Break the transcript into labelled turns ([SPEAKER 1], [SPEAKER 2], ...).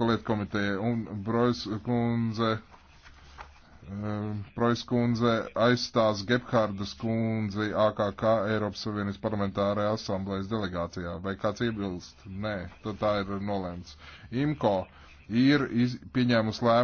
[SPEAKER 1] Lietu komiteja un Brojas kundze, um, Brojas kundze aizstās Gebhardas kundzi AKK Eiropas Savienības parlamentārajā asamblējas delegācijā. Vai kāds iebilst? Nē, tad tā ir nolēmts. IMKO ir iz, pieņēmus lēmumu.